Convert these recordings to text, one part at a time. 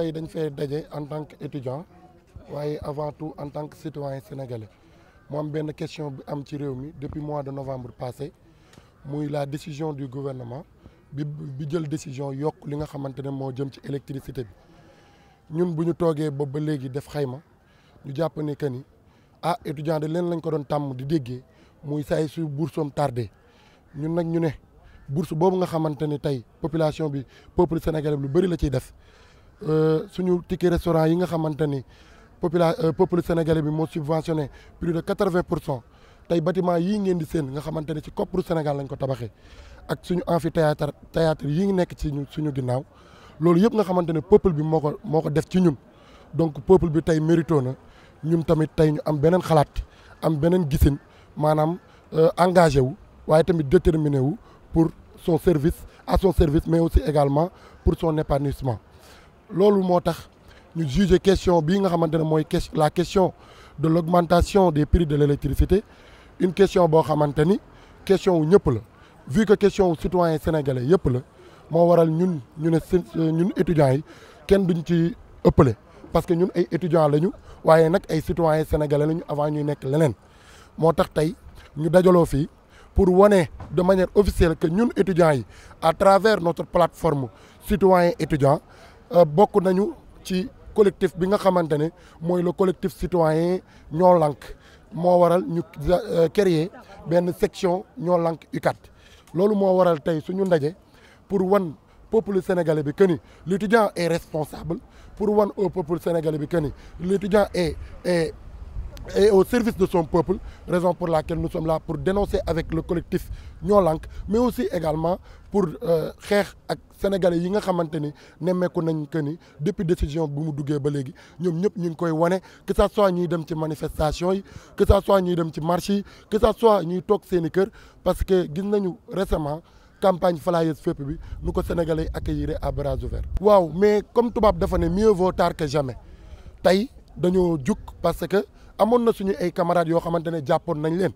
tey dañ fee daje en tant que étudiant waaye avant tout en tant que citoyen sénégalais mu am benn question bi am ci réew mi depuis mois de novembre passé muy la décision du gouvernement bi bi jël décision yokk li nga xamante ne moo jëm ci électricité bi ñun bu ñu toogee ba ba léegi def xayma ñu jàpp ne que ni ah étudiant de leen lañ ko doon tàmm di déggee muy saay su boursom tardé ñun nag ñu ne bourse boobu nga xamante ne tey population bi peuple sénégalais lu bëri la ciy def Euh, suñu ticket restaurant yi nga xamante ni popula euh, peuple sénégalais bi moo subventionné plus de quatre pour cent tey batiment yii ngeen di seen nga xamante ni ci kopparu Sénégal lañ ko tabaxee ak suñu amphithéâtre théâtre yi ngi nekk ci suñu ginnaaw loolu yëpp nga xamante ne peuple bi moo ko moo ko def ci ñun donc peuple bi tey mérito na ñun tamit tey ñu am beneen xalaat am beneen gisin maanaam euh, engagé wu waaye tamit déterminé wu pour son service à son service mais aussi également pour son épanouissement loolu moo tax ñu juger question bii nga xamante ne mooy question la question de l'augmentation des prix de l'électricité une question boo xamante ni question wu ñëpp la vu que question wu citoyen sénégalais yëpp la moo waral ñun ñu ne euh, ñun étudiants yi kenn duñ ci ëppale parce que ñun ay étudiants lañu waaye nag ay citoyens sénégalais lañu avant ñuy nekk leneen moo tax tey ñu dajaloo fii pour wane de manière officielle que ñun étudiants yi à travers notre plateforme citoyen étudiant Euh, bokk nañu ci collectif bi nga xamante ne mooy le collectif citoyen ñoo lànk moo waral ñu euh, créer benn section ñoo lank UCAD loolu moo waral tey suñu ndaje pour wan peuple sénégalais bi que ni l'étudiant est responsable pour wan au peuple sénégalais bi que ni l'étudiant est est et au service de son peuple raison pour laquelle nous sommes là pour dénoncer avec le collectif Ñoo Lank mais aussi également pour euh, xeex ak sénégalais yi nga xamante ni nemmeeku nañ que ni depuis décision bu mu duggee ba léegi ñoom ñëpp ñu ngi koy wane que ça soit ñuy dem ci manifestation yi que ça soit ñuy dem ci marché yi que ça soit ñuy toog seen i kër parce que gis nañu récemment campagne flyers fépp bi nu ko sénégalais accueillir à bras ouverts. waaw mais comme tubaab dafa ne mieux vaut tard que tey dañoo jug parce que. amoon na suñu ay camarade yoo xamante ne jàppoon nañ leen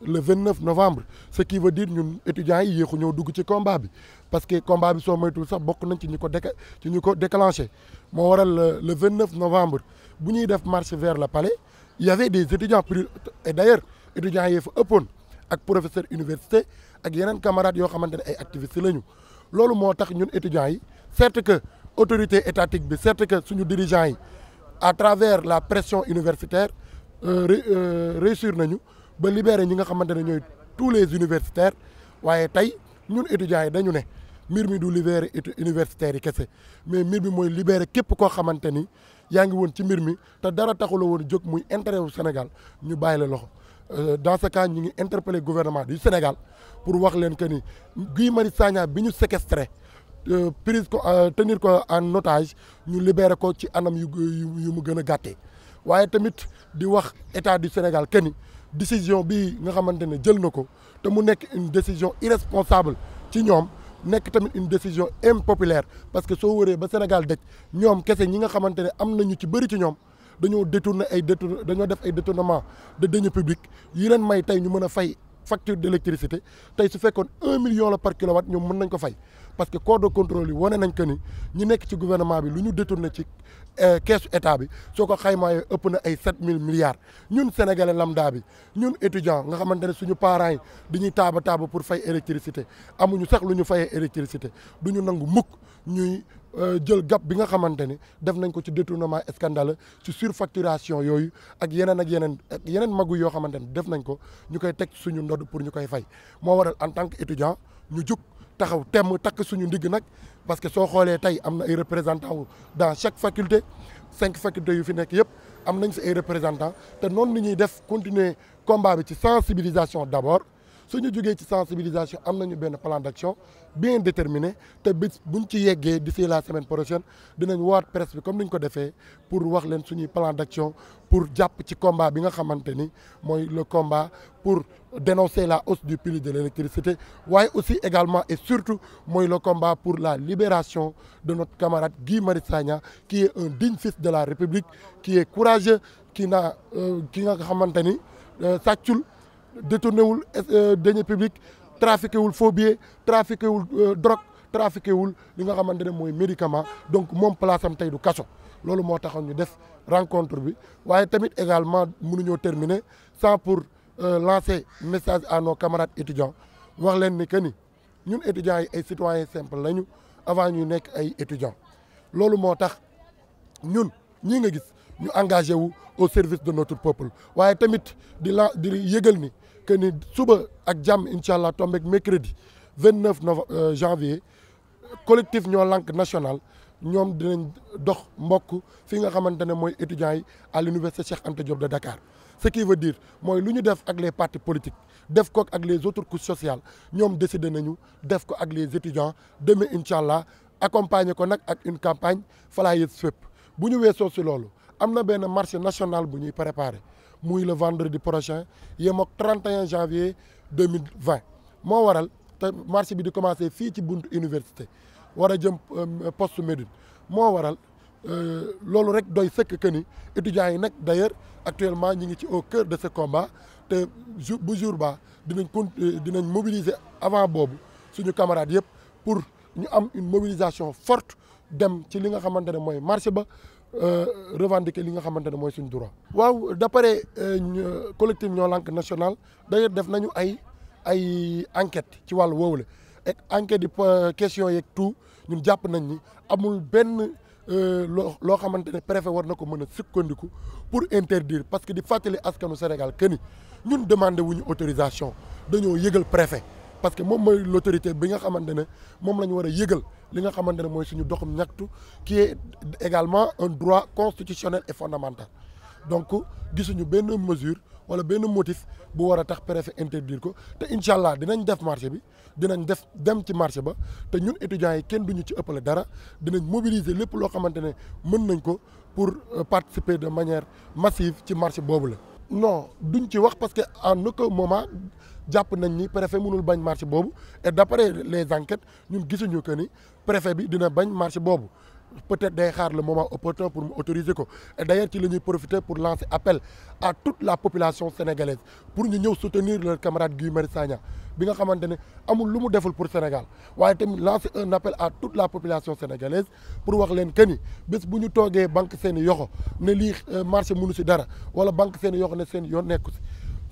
le 29 novembre ce qui veut dire ñun étudiants yi yéexu ñëw dugg ci combat bi parce que combat bi soo moytuwul sax bokk nañ ci ñu ko déca ci ñu ko déclenché moo waral le 29 novembre bu ñuy def marche vers le palais il y avait des étudiants pris et d'ailleurs étudiants yee fa ëppoon ak professeur université ak yeneen camarade yoo xamante ne ay activistes lañu loolu moo tax ñun étudiants yi certes que autorité étatique bi certes que suñu dirigeants yi à travers la pression universitaire Euh, euh, réussir nañu ba libéré ñi nga xamante ne ñooy tous les universitaires waaye tey ñun étudiants yi dañu ne mbir mi du libéré universitaires yi kese mais mbir mi mooy libere képp koo xamante ni yaa ngi woon ci mbir mi te dara taxuloo woon jóg muy intérêt wu Sénégal ñu bàyyi la loxo euh, dans ce cas ñu ngi interpellé gouvernement du Sénégal pour wax leen que ni Guy mari Sagna bi ñu séquestré prise ko tenir ko en otage ñu libéré ko ci anam yu yu mu gën a gàttee waaye tamit di wax état du Sénégal que décision bi nga xamante ne jël na ko te mu nekk une décision irresponsable ci ñoom nekk tamit une décision impopulaire parce que soo wëree ba Sénégal daj ñoom kese ñi nga xamante ne am ñu ci bëri ci ñoom dañoo détourné ay détour dañoo def ay détournement de deniers publics yi leen may tey ñu mën a fay facture d'électricité tey su fekkoon un million la par kilowatt ñoom mën nañ ko fay parce que corps de contrôle wane nañ que ni ñi nekk ci gouvernement bi lu ñu détourné ci Eh, keesu état bi soo ko xaymaayee ëpp na ay sept mille milliards ñun sénégalais lambda bi ñun étudiant nga xamante ne suñu parent yi dañuy taaba taaba pour fay électricité amuñu sax lu ñu fayee électricité du ñu nangu mukk ñuy euh, jël gap bi nga xamante ne def nañ ko ci détournement scandaleux ci surfacturation yooyu ak yeneen ak yeneen yeneen magu yoo xamante ne def nañ ko ñu koy teg suñu ndod pour ñu koy fay moo waral en tant que étudiant ñu jug taxaw temm takk suñu ndigg nag parce que soo xoolee tey am na ay représentants wu dans chaque faculté cinq facultés yu fi nekk yëpp am nañ si ay représentant te noonu ni ñuy def continuer combat bi ci sensibilisation d'abord suñu jugee ci sensibilisation am nañu benn plan d'action bien déterminé te bu buñ ci yeggee d'ici la semaine prochaine dinañ woowaat presse bi comme ni ñu ko defee pour wax leen suñuy plan d'action pour jàpp ci combat bi nga xamante ni mooy le combat pour dénoncer la hausse du prix de l'électricité waaye aussi également et surtout mooy le pour la libération de not camarade gii mari Sagna qui est un digne fils de la République qui est courageux qui n'a ki euh, nga xamante ni euh, sàccul détourné wul euh, deniers publics trafiqué wul faux billets trafiqué wul euh, drogue trafiqué wul li nga xamante ne mooy médicament donc moom place am tey du kaso loolu moo taxoon ñu def rencontre bi waaye tamit également munu mënuñoo terminer sans pour euh, lancer message à nos camarades étudiants wax leen ni que ni ñun étudiants yi ay citoyens simples lañu avant ñu nekk ay étudiants loolu moo tax ñun ñi nga gis ñu engagé wu au service de notre peuple waaye tamit di la di yëgal ni. que ni suba ak jàmm incha allah tombeeg mercredi 29 novembre euh, janvier collectif ñoo lank national ñoom dinañ dox mbokk fii nga xamante ne mooy étudiants yi à l'université Cheikh Anta Diop de Dakar ce qui veut dire mooy lu ñu def ak les partie politiques def ko ak les autres couches sociales ñoom décidé nañu def ko ak les étudiants demain incha allah accompagner ko nag ak une campagne flyers sweep bu ñu weesoo si loolu am na benn marché national bu ñuy préparer muy le di prochain yem ak 31 janvier 2020 moo waral te marché bi di commencé fii ci buntu université war a jëm euh, poste Médine moo waral euh, loolu rek doy sëkk que ni étudiants yi nag d'ailleurs actuellement ñi ngi ci au cœur de ce combat te jour bu jour ba dinañ con euh, dinañ mobiliser avant boobu suñu camarades yëpp pour ñu am une mobilisation forte dem ci li nga xamante ne mooy marché ba Euh, revendiquer li nga xamante ne mooy suñ droit. waaw d'après euh, collectif ñoo lànk national d'ailleurs def nañu ay ay enquête ci wàllu woowu la et enquête yi euh, question yeeg tout ñun jàpp nañ ni amul benn loo loo xamante ne préfet war na ko mën a sukkandiku pour interdire parce que di fàttali askanu Sénégal que ni demande demandé wuñu autorisation dañoo yëgal préfet parce que moom mooy l'autorité bi nga xamante ne moom la ñu war a yëgal. li nga xamante ne mooy suñu doxum ñaxtu qui est également un droit constitutionnel et fondamental donc gisuñu benn mesure wala benn motif bu war a tax préfet interdire ko te incha allah dinañ def marché bi dinañ def dem ci marché ba te ñun étudiants yi kenn duñu ci ëppale dara dinañ mobiliser lépp loo xamante ne mën nañ ko pour euh, participer de manière massive ci marché boobu la. non duñ ci wax parce que en aucun moment. jàpp nañ ni préfet mënul bañ marché boobu et d'après les enquêtes ñun gisuñu que ni préfet bi dina bañ marché boobu peut-être day xaar le moment opportun pour mu autoriser ko et d'ailleurs ci la ñuy profiter pour lancer appel à toute la population sénégalaise pour ñu ñëw soutenir leur camarade Guy Marius Sagna nga xamante ne amul lu mu deful pour Sénégal waaye tamit un appel à toute la population sénégalaise pour wax leen que ni bés bu ñu toogee banque seen yoxo ne lii euh, marché mënu si dara wala banque seen yoxo ne seen yoon nekku si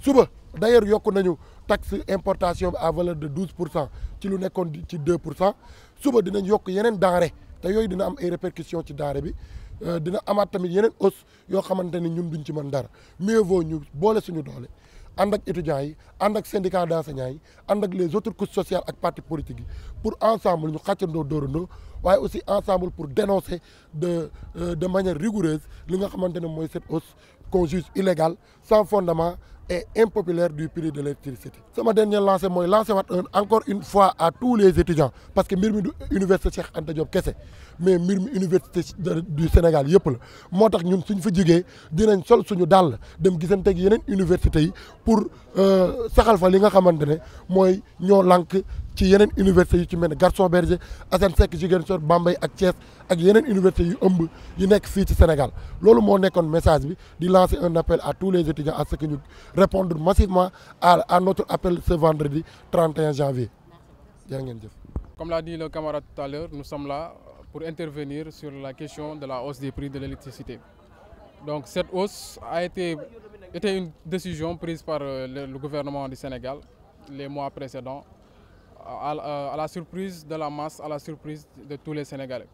suba d' ailleurs yokku nañu taxe importation bi à valeur de douze pour cent ci lu nekkoon ci deux pour cent suba dinañ yokk yeneen denrée te yooyu dina am ay répercussions ci denrée bi euh, dina amaat tamit yeneen hausse yoo xamante ni ñun duñ ci mën dara mieux vaut ñu boole suñu doole ànd ak étudiants yi ànd ak syndicat d' enseignants yi ànd ak les autres couches sociales ak partis politiques yi pour ensemble ñu door dóorandoo waaye aussi ensemble pour dénoncer de euh, de manière rigoureuse li nga xamante ne mooy cette hausse qu'on juge illégale sans fondement et impopulaire du prix de l'électricité sama dernier lancé mooy lancé waat un encore une fois à tous les étudiants parce que mbir mi du université Cheikh Anta Diop kese mais mbir mi université du Sénégal yëpp la moo tax ñun suñ fa jógee dinañ sol suñu dàll dem gisante ak yeneen universités yi pour euh, saxal fa li nga xamante ne mooy ñoo lank ci yeneen université yu ci mel ne Gaston Berger Assane Seck Ziguinchor Bambey ak Thiès ak yeneen université yu ëmb yu nekk fii ci Sénégal loolu moo nekkoon message bi di lancer un appel à tous les étudiants à ce que ñu répondre massivement à à notre appel ce vendredi 31 janvier jaa ngeen jëf. Comme l'a dit le camarade tout à l'heure nous sommes là pour intervenir sur la question de la hausse des prix de l'électricité donc cette hausse a été une décision prise par euh, le, le gouvernement du Sénégal les mois précédents à, à, la surprise de la masse, à la surprise de tous les Sénégalais.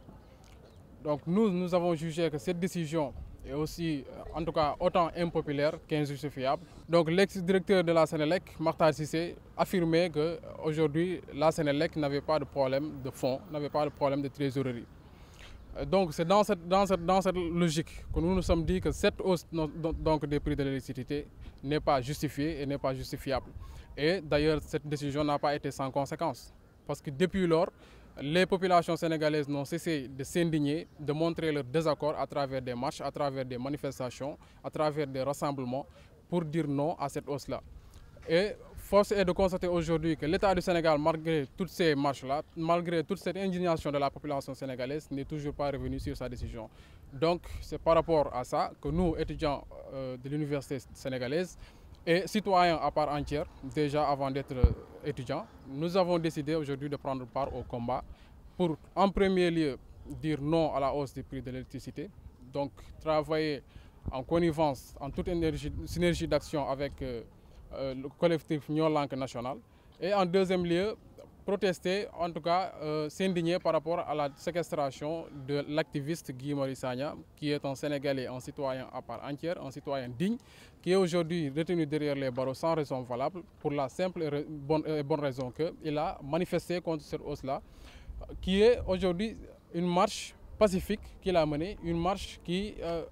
Donc nous, nous avons jugé que cette décision est euh, en tout cas, autant impopulaire qu'injustifiable. Donc l'ex-directeur de la Sénélec, Martar Sissé, affirmait qu'aujourd'hui, euh, la Sénélec n'avait pas de problème de fonds, n'avait pas de problème de trésorerie. Euh, donc c'est dans cette, dans, cette, dans cette, logique que nous nous sommes dit que cette hausse donc, des prix de l'électricité n'est pas justifiée et n'est pas justifiable. Et d'ailleurs, cette décision n'a pas été sans conséquence. Parce que depuis lors, les populations sénégalaises n'ont cessé de s'indigner, de montrer leur désaccord à travers des marches, à travers des manifestations, à travers des rassemblements, pour dire non à cette hausse-là. Et force est de constater aujourd'hui que l'État du Sénégal, malgré toutes ces marches-là, malgré toute cette indignation de la population sénégalaise, n'est toujours pas revenu sur sa décision. Donc c'est par rapport à ça que nous, étudiants euh, de l'université et citoyens à part entière, déjà avant d'être euh, étudiants, nous avons décidé aujourd'hui de prendre part au combat pour, en premier lieu, dire non à la hausse des prix de l'électricité, donc travailler en connivence, en toute énergie, synergie d'action avec euh, euh le collectif Langue National, et en deuxième lieu, protester, en tout cas euh, s'indigner par rapport à la séquestration de l'activiste Guy Maurice Sagna, qui est un Sénégalais, un citoyen à part entière, un citoyen digne, qui est aujourd'hui retenu derrière les barreaux sans raison valable, pour la simple et bonne, et bonne raison a manifesté contre cette hausse-là, qui est aujourd'hui une marche pacifique qu'il a menée, une marche qui euh,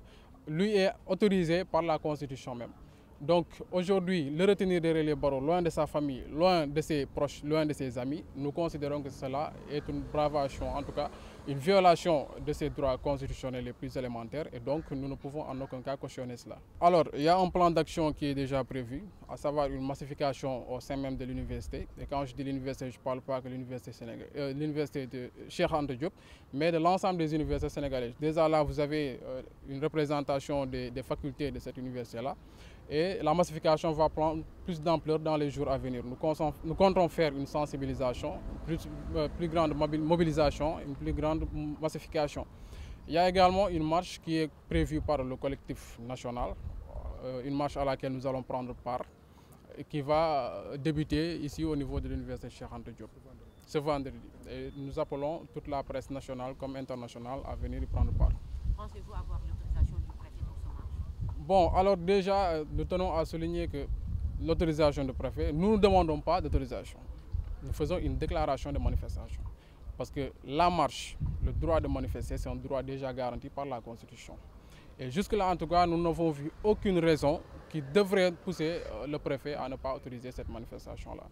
lui est autorisée par la Constitution même. Donc aujourd'hui, le retenir de Relais Barreau, loin de sa famille, loin de ses proches, loin de ses amis, nous considérons que cela est une bravation, en tout cas une violation de ses droits constitutionnels les plus élémentaires et donc nous ne pouvons en aucun cas cautionner cela. Alors, il y a un plan d'action qui est déjà prévu, à savoir une massification au sein même de l'université. Et quand je dis l'université, je ne parle pas que l'université euh, l'université de Cheikh Anta Diop, mais de l'ensemble des universités sénégalaises. Déjà là, vous avez euh, représentation des, des facultés de cette université-là. et la massification va prendre plus d'ampleur dans les jours à venir. Nous, nous comptons faire une sensibilisation, plus, euh, grande mobilisation, une plus grande une marche qui est prévue par le collectif national, euh, une marche à laquelle nous allons prendre part, et qui va euh, débuter ici au niveau de l'université Cheikh Anta Diop ce vendredi. Et nous appelons toute la presse nationale comme internationale à venir y prendre part. Bon, alors déjà, euh, nous tenons à souligner que l'autorisation du préfet, nous ne demandons pas d'autorisation. Nous faisons une déclaration de manifestation. Parce que la marche, le droit de manifester, c'est un droit déjà garanti par la Constitution. Et jusque-là, en tout cas, nous n'avons vu aucune raison qui devrait pousser euh, le préfet à ne pas autoriser cette manifestation-là.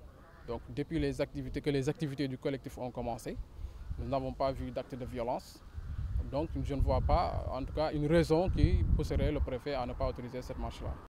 Donc, depuis les activités, que les activités du collectif ont commencé, nous n'avons pas vu d'actes de violence, Donc je ne vois pas, en tout cas, une raison qui pousserait le préfet à ne pas autoriser cette marche-là.